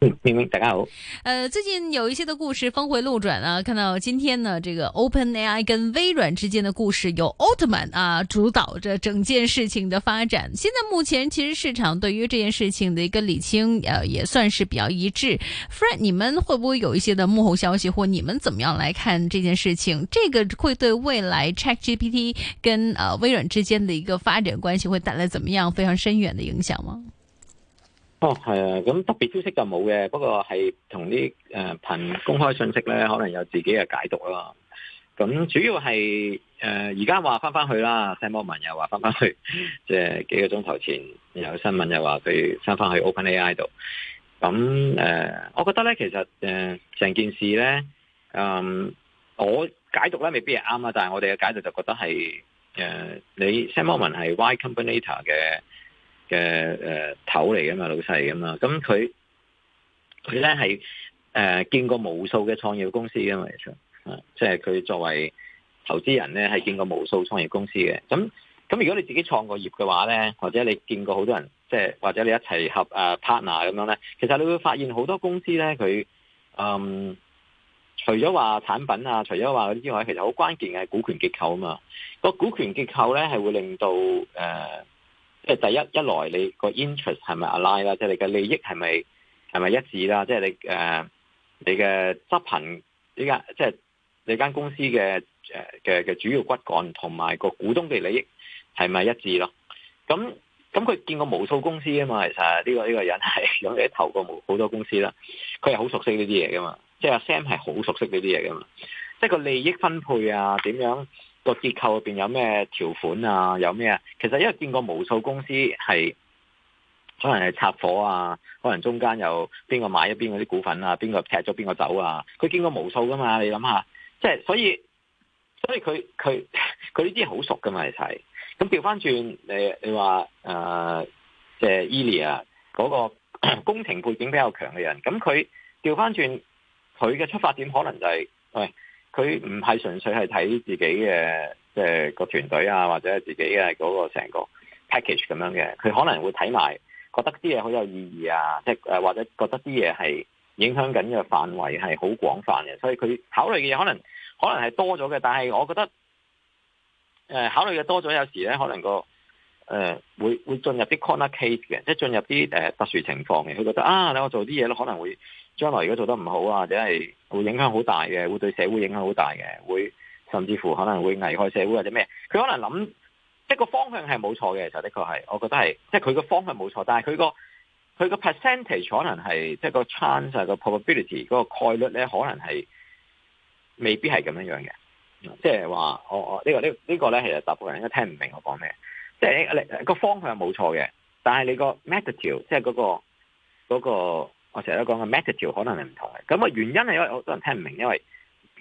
大家好。 明明，呃，最近有一些的故事峰回路轉啊，看到今天呢，這個 OpenAI 跟微軟之間的故事由奧特曼啊主導着整件事情的發展。現在目前其實市場對於這件事情的一個理清，啊，呃，也算是比較一致。Frank，你們會不會有一些的幕後消息，或你們怎麼樣來看這件事情？這個會對未來 ChatGPT 跟呃微軟之間的一個發展關係會帶來怎麼樣非常深遠的影響嗎？哦，係啊，咁特別消息就冇嘅，不過係同啲誒憑公開信息咧，可能有自己嘅解讀咯。咁主要係誒而家話翻翻去啦，Sam Altman 又話翻翻去，即係幾個鐘頭前有新聞又話佢翻翻去 OpenAI 度。咁誒、呃，我覺得咧，其實誒成、呃、件事咧，嗯、呃，我解讀咧未必係啱啊，但係我哋嘅解讀就覺得係誒、呃、你 Sam Altman 係 Y Combinator 嘅，嘅誒頭嚟噶嘛，老細嚟噶嘛，咁佢佢咧係誒見過無數嘅創業公司噶嘛，其實、啊、即係佢作為投資人咧係見過無數創業公司嘅。咁咁如果你自己創過業嘅話咧，或者你見過好多人，即係或者你一齊合誒、啊、partner 咁樣咧，其實你會發現好多公司咧，佢嗯除咗話產品啊，除咗話嗰啲之外，其實好關鍵嘅係股權結構啊嘛。個股權結構咧係會令到誒。呃即係第一一來你個 interest 係咪 align 啦？即係你嘅利益係咪係咪一致啦？即係你誒、呃、你嘅執行呢間即係你間公司嘅誒嘅嘅主要骨幹同埋個股東嘅利益係咪一致咯？咁咁佢見過無數公司啊嘛，其實呢個呢個人係咁你投過無好多公司啦，佢係好熟悉呢啲嘢噶嘛，即係 Sam 係好熟悉呢啲嘢噶嘛，即係個利益分配啊點樣？個結構入邊有咩條款啊？有咩啊？其實因為見過無數公司係，可能係插火啊，可能中間有邊個買一邊嗰啲股份啊，邊個踢咗邊個走啊？佢見過無數噶嘛？你諗下，即係所以，所以佢佢佢呢啲好熟噶嘛？係咁調翻轉你你話誒，即係 Eli 啊嗰個工程 背景比較強嘅人，咁佢調翻轉佢嘅出發點可能就係、是、喂。哎佢唔係純粹係睇自己嘅，即係個團隊啊，或者自己嘅嗰個成個 package 咁樣嘅。佢可能會睇埋覺得啲嘢好有意義啊，即係誒或者覺得啲嘢係影響緊嘅範圍係好廣泛嘅。所以佢考慮嘅嘢可能可能係多咗嘅，但係我覺得誒、呃、考慮嘅多咗，有時咧可能個。誒、呃、會會進入啲 corner case 嘅，即係進入啲、呃、特殊情況嘅。佢覺得啊，你我做啲嘢咧，可能會將來如果做得唔好啊，或者係會影響好大嘅，會對社會影響好大嘅，會甚至乎可能會危害社會或者咩？佢可能諗一個方向係冇錯嘅，就的確係，我覺得係即係佢個方向冇錯，但係佢個佢個 percentage 可能係即係個 chance 個 probability 嗰個概率咧，可能係未必係咁樣樣嘅，即係話我我呢、呢個呢個呢呢個咧，其實大部分人應該聽唔明我講咩。即係你，你、個方向冇錯嘅，但係你個 method 條，即係嗰、嗰個、嗰個、我成日都講嘅 method 條，可能係唔同嘅。咁、那、啊、個、原因係因為我多人聽唔明，因為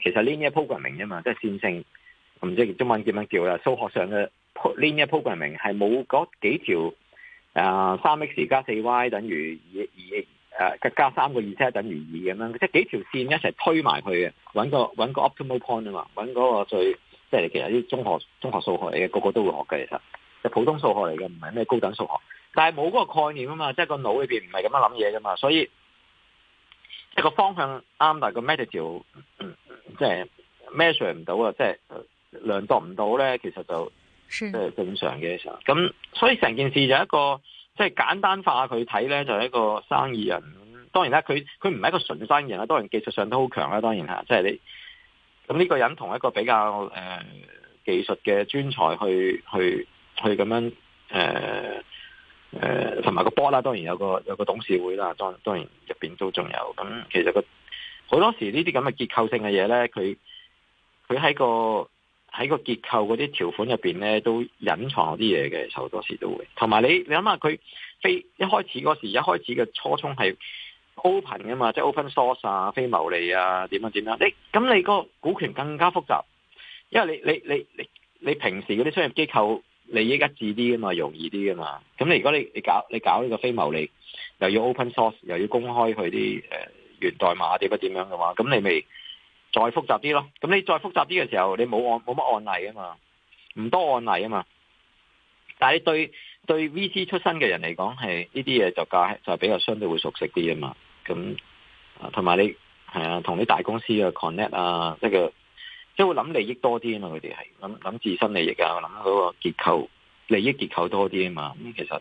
其實 linear programming 啊嘛，即係線性，唔知中文點樣叫乜叫啦。數學上嘅 linear programming 係冇嗰幾條三、呃、x 加四 y 等於二二加三個二即係等於二咁樣，即係幾條線一齊推埋佢嘅，揾個，揾個 optimal point 啊嘛，揾嗰個最即係其實啲中學中學數學嚟嘅，個個都會學嘅其實。就普通數學嚟嘅，唔係咩高等數學，但係冇嗰個概念啊嘛，即係個腦裏面唔係咁樣諗嘢噶嘛，所以一個方向啱，但係個 metric 即係 measure 唔到啊，即係量度唔到咧，其實就即係正常嘅。咁所以成件事就一個即係簡單化佢睇咧，就係一個生意人。當然啦，佢佢唔係一個純生意人啦，當然技術上都好強啦，當然吓，即係你咁呢個人同一個比較誒技術嘅專才去去。佢咁樣誒誒，同、呃、埋、呃、個波啦，當然有個有個董事會啦，當當然入邊都仲有咁。其實個好多時呢啲咁嘅結構性嘅嘢咧，佢佢喺個喺個結構嗰啲條款入邊咧，都隱藏有啲嘢嘅。好多時都會同埋你，你諗下佢非一開始嗰時，一開始嘅初衷係 open 㗎嘛，即、就、係、是、open source 啊，非牟利啊，點樣點樣。你咁你個股權更加複雜，因為你你你你你平時嗰啲商業機構。利益一致啲啊嘛，容易啲啊嘛。咁你如果你你搞你搞呢個非牟利，又要 open source，又要公開佢啲誒源代碼或者點樣嘅話，咁你咪再複雜啲咯。咁你再複雜啲嘅時候，你冇案冇乜案例啊嘛，唔多案例啊嘛。但係對對 VC 出身嘅人嚟講，係呢啲嘢就較就是、比較相對會熟悉啲啊嘛。咁同埋你係啊，同啲大公司嘅 connect 啊，即係。即係會諗利益多啲啊嘛，佢哋係諗諗自身利益啊，諗個結構利益結構多啲啊嘛。咁其實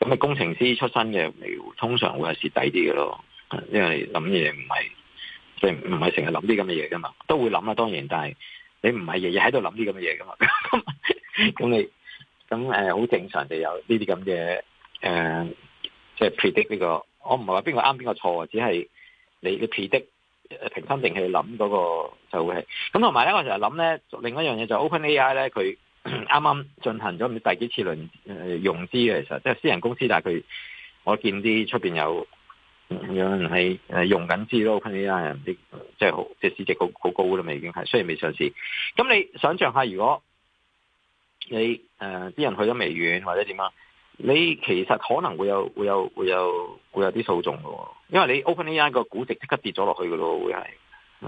咁你工程師出身嘅，通常會係蝕底啲嘅咯，因為你諗嘢唔係即係唔係成日諗啲咁嘅嘢噶嘛，都會諗啊，當然，但係你唔係日日喺度諗啲咁嘅嘢噶嘛。咁 你咁誒，好、呃、正常有這些、呃、就有呢啲咁嘅誒，即係批的呢個。我唔係話邊個啱邊個錯，只係你嘅批的。平心靜氣諗嗰個就會係咁，同埋咧我成日諗咧，另一樣嘢就 OpenAI 咧，佢啱啱進行咗唔知第幾次輪、呃、用融資嘅，其實即係私人公司，但係佢我見啲出邊有、嗯、有人係用融緊資咯，OpenAI 啲即係即係市值好好高啦，咪已經係雖然未上市。咁你想象下，如果你啲、呃、人去咗微軟或者點啊？你其實可能會有會有會有會有啲訴訟喎，因為你 OpenAI 個估值即刻跌咗落去㗎咯，會係，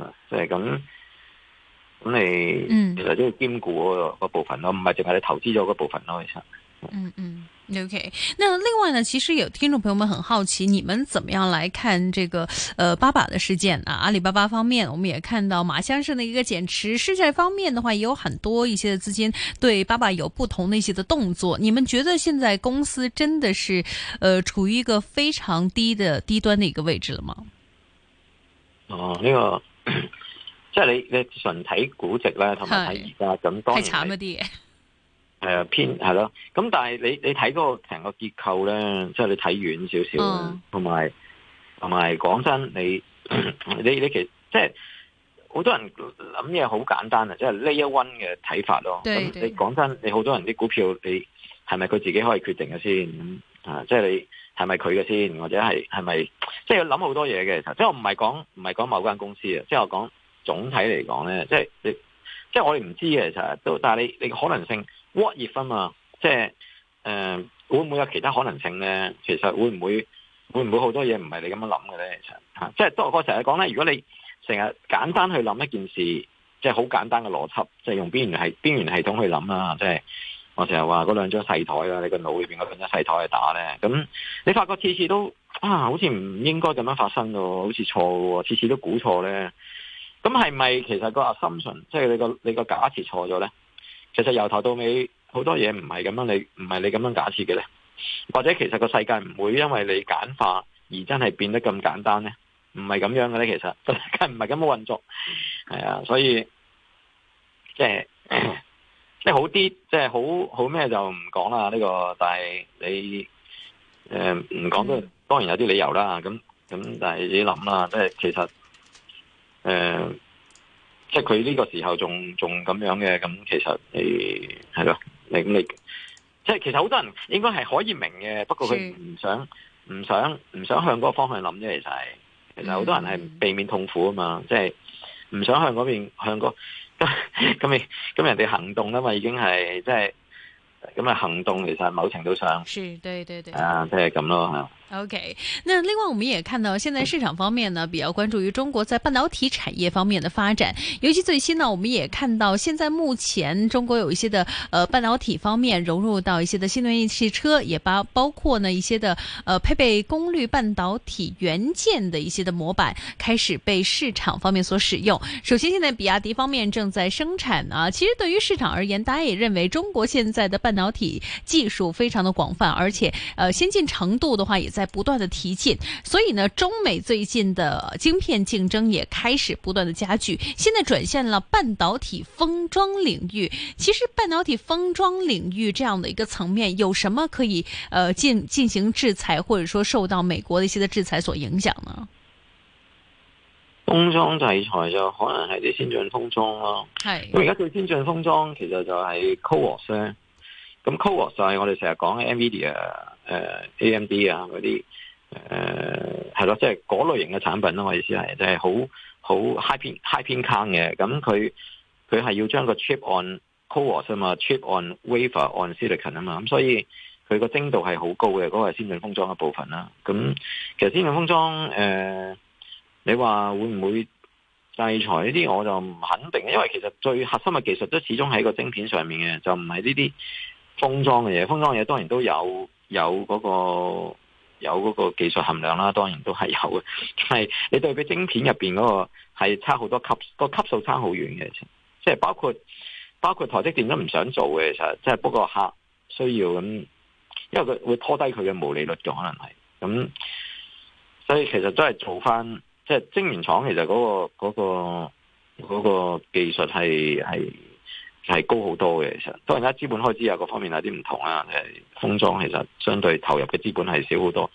啊，即係咁，咁你其實都要兼顧嗰嗰部分咯，唔係淨係你投資咗嗰部分咯，其實。嗯嗯，OK。那另外呢，其實有聽眾朋友們很好奇，你們怎麼樣來看這個呃，巴巴的事件啊？阿里巴巴方面，我們也看到馬先生的一個減持，市場方面的話也有很多一些的資金對巴巴有不同的一些的動作。你們覺得現在公司真的是呃處於一個非常低的低端的一個位置了嗎？哦那，這個即係你你純睇估值咧，同埋睇而家咁，當然係。誒，uh, 偏係咯，咁但係你你睇個成個結構咧，即係你睇遠少少，同埋同埋講真，你你你其實即係好多人諗嘢好簡單啊，即係 lay one 嘅睇法咯。咁你講真，你好多人啲股票，你係咪佢自己可以決定嘅先啊？即係你係咪佢嘅先，或者係係咪即係諗好多嘢嘅？其實即係我唔係講唔係講某間公司啊，即係我講總體嚟講咧，即係你即係我哋唔知嘅其實都，但係你你個可能性。what if 嘛，即係誒，會唔會有其他可能性咧？其實會唔會會唔會好多嘢唔係你咁樣諗嘅咧？其實吓，即係當我成日講咧，如果你成日簡單去諗一件事，即係好簡單嘅邏輯，即係用邊緣系邊緣系統去諗啦。即係我成日話嗰兩張細台啦，你個腦裏邊嗰兩張細台去打咧，咁你發覺次次都啊，好似唔應該咁樣發生噶，好似錯噶，次次都估錯咧。咁係咪其實個 assumption，即係你個你個假設錯咗咧？其實由頭到尾好多嘢唔係咁樣，你唔係你咁樣假設嘅咧，或者其實個世界唔會因為你簡化而真係變得咁簡單咧，唔係咁樣嘅咧，其實唔係咁嘅運作，係啊、嗯，所以即係即係好啲，即係好好咩就唔講啦呢個，但係你誒唔講都當然有啲理由啦，咁咁但係你諗啦，即係其實誒。呃即係佢呢個時候仲仲咁樣嘅，咁其實誒係咯，你咁你，即係其實好多人應該係可以明嘅，不過佢唔想唔想唔想向嗰個方向諗啫。其實係，其實好多人係避免痛苦啊嘛，mm hmm. 即係唔想向嗰邊向個咁你，咁 人哋行動啊嘛，已經係即係。咁啊行動其實喺某程度上，是對對對，啊即係咁咯係啊 OK，那另外我們也看到，現在市場方面呢比較關注於中國在半導體產業方面的發展。尤其最新呢，我們也看到，現在目前中國有一些的呃半導體方面融入到一些的新能源汽車，也包包括呢一些的呃配備功率半導體元件的一些的模板，開始被市場方面所使用。首先，現在比亞迪方面正在生產啊。其實對於市場而言，大家也認為中國現在的半半導體技術非常的廣泛，而且呃先進程度的話也在不斷的提進，所以呢，中美最近的晶片競爭也開始不斷的加劇。現在轉綫了半導體封裝領域，其實半導體封裝領域這樣的一個層面有什麼可以呃進進行制裁，或者說受到美國的一些的制裁所影響呢？封裝制裁就可能係啲先進封裝咯，係的。咁而家最先進封裝其實就係 CoWoS 咁 CoWoS 就係我哋成日講嘅 NVIDIA 誒 AMD 啊嗰啲，誒係咯，即係嗰類型嘅產品咯。我意思係，即係好好 High pin High pin count 嘅。咁佢佢係要將個 Chip on CoWoS 啊嘛，Chip on Wafer on Silicon 啊嘛。咁所以佢個精度係好高嘅，嗰、那個先進封裝嘅部分啦。咁其實先進封裝，誒、呃、你話會唔會制裁呢啲？我就唔肯定，因為其實最核心嘅技術都始終喺個晶片上面嘅，就唔係呢啲。封裝嘅嘢，封裝嘅嘢當然都有有嗰個有嗰個技術含量啦，當然都係有嘅。係你對比晶片入邊嗰個係差好多級，個級數差好遠嘅，即係包括包括台積電都唔想做嘅，其實即係不過客需要咁，因為佢會拖低佢嘅毛利率嘅，可能係咁，所以其實都係做翻即係晶圓廠，其實嗰個嗰個嗰個技術係係。是係高好多嘅，其實當然啦，資本開支啊，各方面有啲唔同啊。誒，封裝其實相對投入嘅資本係少好多。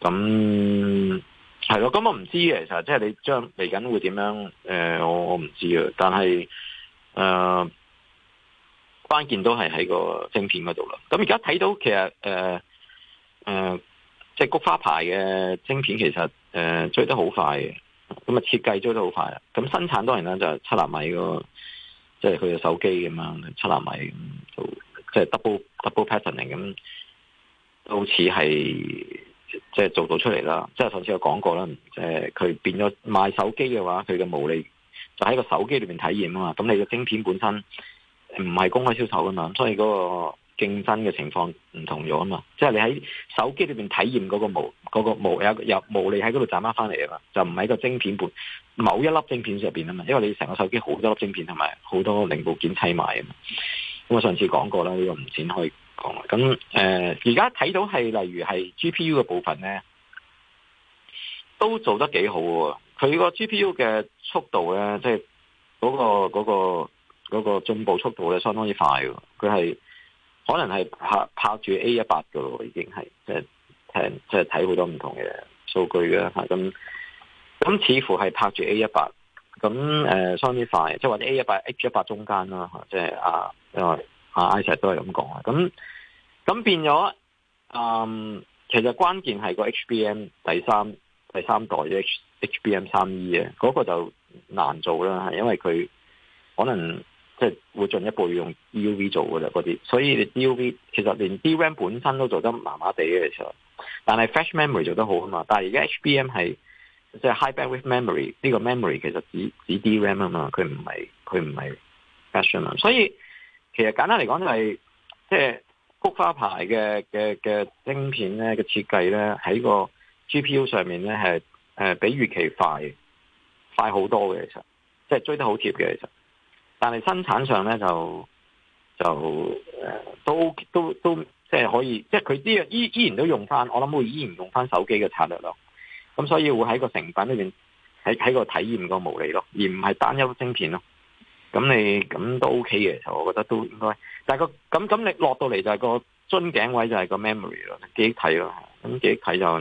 咁係咯，咁我唔知嘅，其實即係你將嚟緊會點樣？誒、呃，我我唔知啊。但係誒、呃，關鍵都係喺個晶片嗰度啦。咁而家睇到其實誒誒，即係菊花牌嘅晶片，其實誒、呃，追得好快嘅。咁啊，設計追得好快啊。咁生產當然啦，就七納米個即係佢嘅手機咁樣七納米，就即係 double double patterning 咁，好似係即係做到出嚟啦。即係上次我講過啦，即係佢變咗賣手機嘅話，佢嘅毛利就喺個手機裏面體驗啊嘛。咁你嘅晶片本身唔係公開銷售噶嘛，所以嗰、那個。競爭嘅情況唔同咗啊嘛，即係你喺手機裏邊體驗嗰個毛嗰個毛，有有毛利你喺嗰度賺翻翻嚟啊嘛，就唔係個晶片盤某一粒晶片入邊啊嘛，因為你成個手機好多粒晶片同埋好多零部件砌埋啊嘛。咁我上次講過啦，呢個唔展開講。咁誒，而家睇到係例如係 G P U 嘅部分咧，都做得幾好喎。佢個 G P U 嘅速度咧，即係嗰個嗰個嗰個進步速度咧，相當之快。佢係。可能係拍拍住 A 一八嘅咯，已經係即係聽即係睇好多唔同嘅數據啦吓，咁咁似乎係拍住 A 一八，咁誒，sorry 快，即係或者 A 一八 H 一八中間啦吓，即係啊因為啊 Iset 都係咁講啊，咁咁變咗，嗯，其實關鍵係個 HBM 第三第三代嘅 H HBM 三 E 嘅，嗰個就難做啦，係因為佢可能。即係會進一步要用 DUV 做噶啦，啲所以你 DUV 其實連 DRAM 本身都做得麻麻地嘅，其實但係 Flash Memory 做得好啊嘛。但係而家 HBM 係即係 High Bandwidth Memory 呢個 Memory 其實指指 DRAM 啊嘛，佢唔係佢唔係 Flash 啊。所以其實簡單嚟講就係即係菊花牌嘅嘅嘅晶片咧嘅設計咧喺個 GPU 上面咧係誒比預期快快好多嘅，其實即係、就是、追得好貼嘅其實。但係生產上咧就就誒都都都即係可以，即係佢啲依依然都用翻，我諗會依然用翻手機嘅策略咯。咁所以會喺個成品裏面，喺喺個體驗個模擬咯，而唔係單一芯片咯。咁你咁都 O K 嘅，其實我覺得都應該。但係個咁咁你落到嚟就係個樽頸位就係個 memory 咯，記憶體咯，咁記憶體就，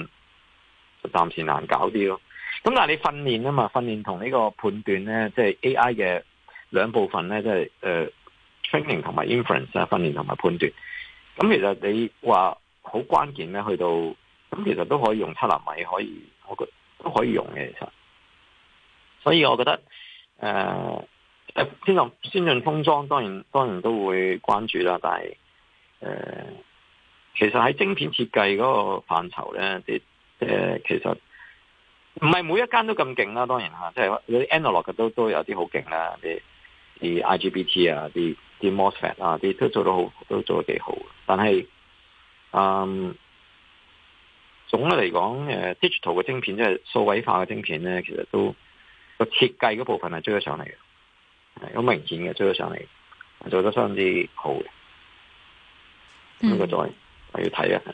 就暫時難搞啲咯。咁但係你訓練啊嘛，訓練同呢個判斷咧，即係 A I 嘅。兩部分咧，即係誒 training 同埋 inference 啊，訓練同埋判斷。咁其實你話好關鍵咧，去到咁其實都可以用七納米，可以我覺得都可以用嘅。其實，所以我覺得誒誒、呃，先進先進封裝當然當然都會關注啦，但係誒、呃、其實喺晶片設計嗰個範疇咧、呃，其實唔係每一間都咁勁啦，當然、啊、即係有啲 analog 都都有啲好勁啦啲。啲 IGBT 啊，啲啲 MOSFET 啊，啲都做得好，都做得幾好。但係，嗯，總嘅嚟講，誒，digital 嘅晶片即係數位化嘅晶片咧，其實都個設計嗰部分係追得上嚟嘅，係好明顯嘅追得上嚟，做得相啲好嘅。咁、那、我、個、再我要睇一睇。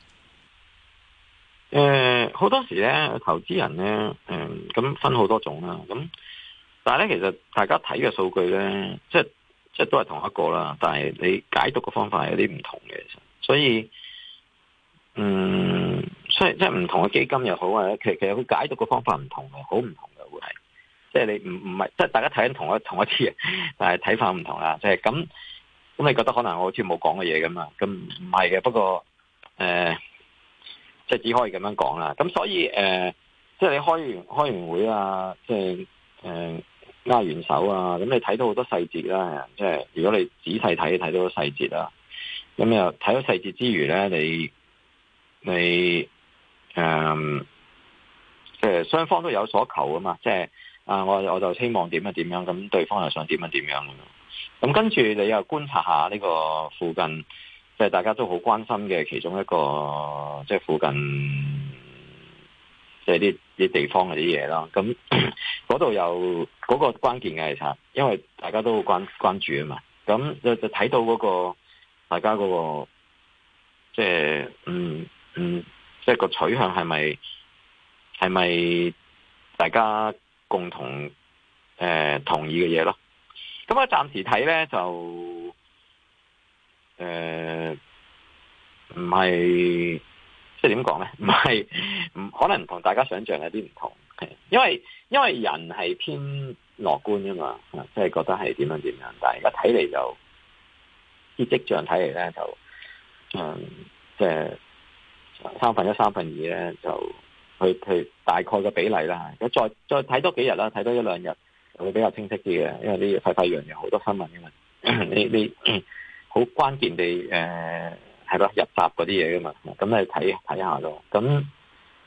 誒，好、呃、多時咧，投資人咧，誒、嗯，咁分好多種啦。咁但係咧，其實大家睇嘅數據咧，即係即係都係同一個啦。但係你解讀嘅方法係有啲唔同嘅，其實，所以，嗯，所以雖然即係唔同嘅基金又好啊，其實其實佢解讀嘅方法唔同嘅，好唔同嘅會係。即係你唔唔係，即係大家睇緊同一同一啲嘢，但係睇法唔同啦。就係、是、咁，咁你覺得可能我好似冇講嘅嘢咁啊？咁唔係嘅，不過誒。呃即係只可以咁樣講啦，咁所以誒、呃，即係你開完開完會啊，即係誒握完手啊，咁你睇到好多細節啦、啊，即係如果你仔細睇睇到個細節啊，咁又睇到細節之餘咧，你你誒、呃，即係雙方都有所求啊嘛，即係啊、呃，我我就希望點樣點樣，咁對方又想點樣點樣咁樣，咁跟住你又觀察下呢個附近。即係大家都好關心嘅其中一個，即係附近，即係啲啲地方嘅啲嘢啦。咁嗰度有嗰個關鍵嘅係，其實因為大家都好關關注啊嘛。咁就就睇到嗰個大家嗰個，即係嗯嗯，即係個取向係咪係咪大家共同誒同意嘅嘢咯？咁啊，暫時睇咧就誒。呃唔係即係點講咧？唔係唔可能同大家想象有啲唔同，因為因為人係偏樂觀噶嘛，即係覺得係點樣點樣，但係而家睇嚟就啲跡象睇嚟咧就，嗯、呃，即、就、係、是、三分一三分二咧就去去大概嘅比例啦。咁再再睇多幾日啦，睇多一兩日會比較清晰啲嘅，因為呢樣快快樣有好多新聞噶嘛，你你好關鍵地誒。呃係咯，入閘嗰啲嘢噶嘛，咁你睇睇下咯。咁誒、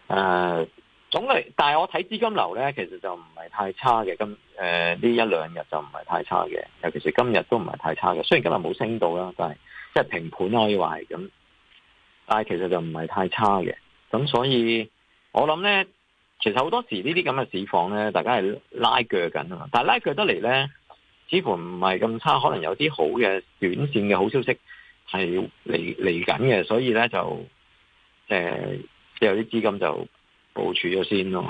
呃，總嚟，但係我睇資金流咧，其實就唔係太差嘅。今誒、呢、呃、一兩日就唔係太差嘅，尤其是今日都唔係太差嘅。雖然今日冇升到啦，但係即係平盤可以話係咁，但係其實就唔係太差嘅。咁所以，我諗咧，其實好多時呢啲咁嘅市況咧，大家係拉鋸緊啊嘛。但係拉鋸得嚟咧，似乎唔係咁差，可能有啲好嘅短綫嘅好消息。係要嚟嚟緊嘅，所以咧就即、呃、有啲資金就部署咗先咯，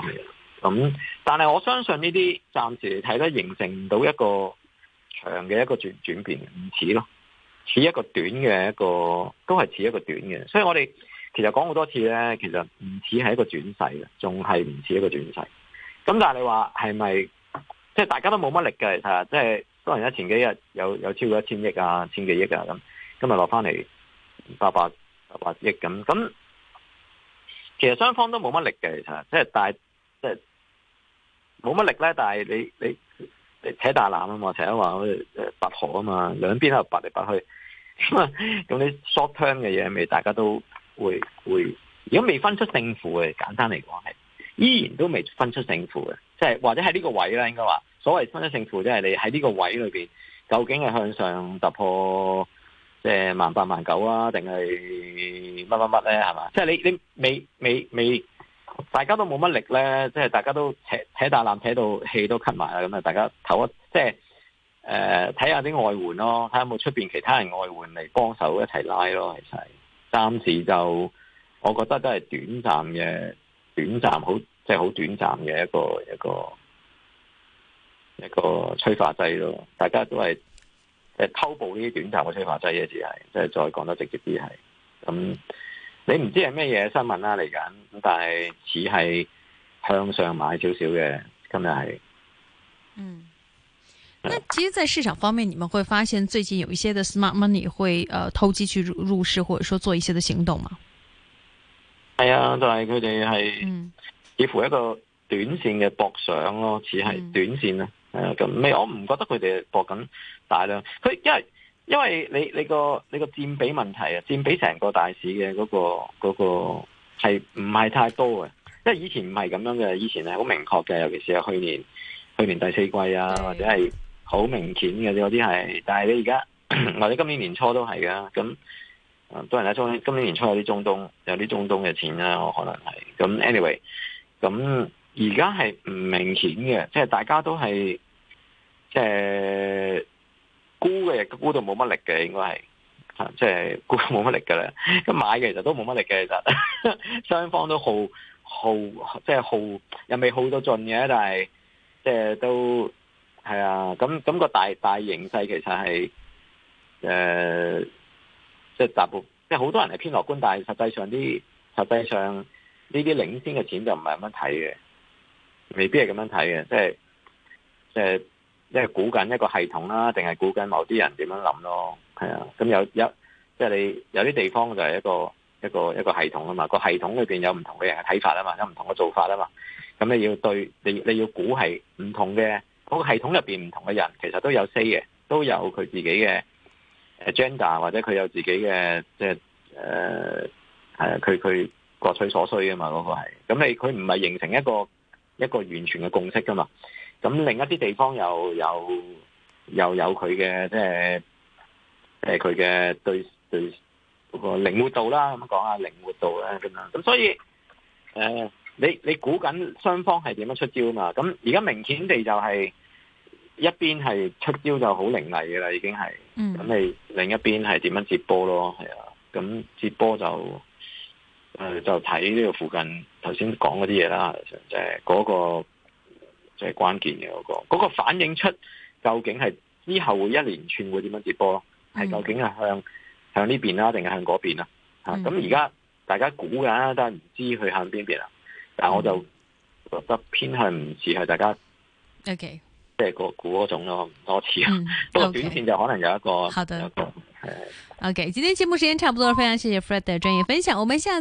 咁但係我相信呢啲暫時嚟睇都形成唔到一個長嘅一個轉轉變，唔似咯，似一個短嘅一個，都係似一個短嘅。所以我哋其實講好多次咧，其實唔似係一個轉勢嘅，仲係唔似一個轉勢。咁但係你話係咪即係大家都冇乜力嘅嚇？即係、其實、當然啦，前幾日有有超過一千億啊，千幾億啊咁。今日落翻嚟八百八百億咁，咁其實雙方都冇乜力嘅，其實即係但係即係冇乜力咧。但係你你扯大纜啊嘛，成日話誒拔河啊嘛，兩邊係拔嚟拔去，咁 你 short term 嘅嘢未，大家都會會。如果未分出勝負嘅，簡單嚟講係依然都未分出勝負嘅。即係或者喺呢個位咧，應該話所謂分出勝負，即係你喺呢個位裏邊，究竟係向上突破，即係萬八萬九啊，定係乜乜乜咧，係嘛？即係你你未未未，大家都冇乜力咧，即係大家都扯扯大纜扯到氣都吸埋啦，咁啊，大家唞一即係誒，睇下啲外援咯，睇下有冇出邊其他人外援嚟幫手一齊拉咯，其實暫時就我覺得都係短暫嘅，短暫好即係好短暫嘅一個一個一個，一個催化劑咯，大家都係。誒，偷步呢啲短暫嘅催化劑嘅只係，即係再講得直接啲係，咁、嗯、你唔知係咩嘢新聞啦嚟緊，咁但係似係向上買少少嘅，今日係，嗯，是其實，在市場方面，你們會發現最近有一些的 smart money 會誒、呃、投機去入入市，或者說做一些的行動嘛？係、嗯、啊，就係佢哋係，嗯，似乎一個短線嘅搏想咯，似係短線啦。嗯誒，咁未、嗯？我唔覺得佢哋搏緊大量，佢因為因為你你個你個佔比問題啊，佔比成個大市嘅嗰、嗰個嗰係唔係太高嘅？因為以前唔係咁樣嘅，以前係好明確嘅，尤其是係去年去年第四季啊，或者係好明顯嘅有啲係。但係你而家或者今年年初都係㗎，咁都係咧。今年年初有啲中東有啲中東嘅錢呀、啊，我可能係咁。anyway，咁而家係唔明顯嘅，即係大家都係。誒、呃，沽嘅亦沽到冇乜力嘅，應該係，即係、呃、沽到冇乜力㗎喇。咁買嘅其實都冇乜力嘅，其實雙方都耗耗，即係耗，又未耗到盡嘅，但係即係都係啊。咁咁、嗰個大大形勢其實係誒，即係大即係好多人係偏樂觀，但係實際上啲，實際上呢啲領先嘅錢就唔係咁樣睇嘅，未必係咁樣睇嘅，即係即係。呃即係估緊一個系統啦，定係估緊某啲人點樣諗咯？係啊，咁有一即係你有啲地方就係一個一個一個系統啊嘛。個系統裏邊有唔同嘅人嘅睇法啊嘛，有唔同嘅做法啊嘛。咁你要對你你要估係唔同嘅嗰個系統入邊唔同嘅人，其實都有 say 嘅，都有佢自己嘅誒 agenda 或者佢有自己嘅即係誒誒，佢、呃、佢各取所需啊嘛，嗰個係。咁你佢唔係形成一個一個完全嘅共識噶嘛？咁另一啲地方又有又有佢嘅即係，誒佢嘅對對個靈活度啦，咁講下靈活度啦，咁樣。咁所以誒、呃，你你估緊雙方係點樣出招嘛？咁而家明顯地就係一邊係出招就好凌厲嘅啦，已經係。咁你另一邊係點樣接波咯？係啊。咁接波就誒，就睇呢個附近頭先講嗰啲嘢啦，就係嗰個。即係關鍵嘅嗰個，嗰、嗰個反映出究竟係之後會一連串會點樣接波咯？係、嗯、究竟係向向呢邊啦，定係向嗰邊啦、啊？吓咁而家大家估噶，都係唔知去向邊邊啊？但係我就覺得偏向唔似係大家。O K，、嗯、即係個估嗰種咯，唔多似啊。不過短線就可能有一個，係 O K，今天節目時間差唔多，非常謝謝 Fred 嘅專業分享。我們下。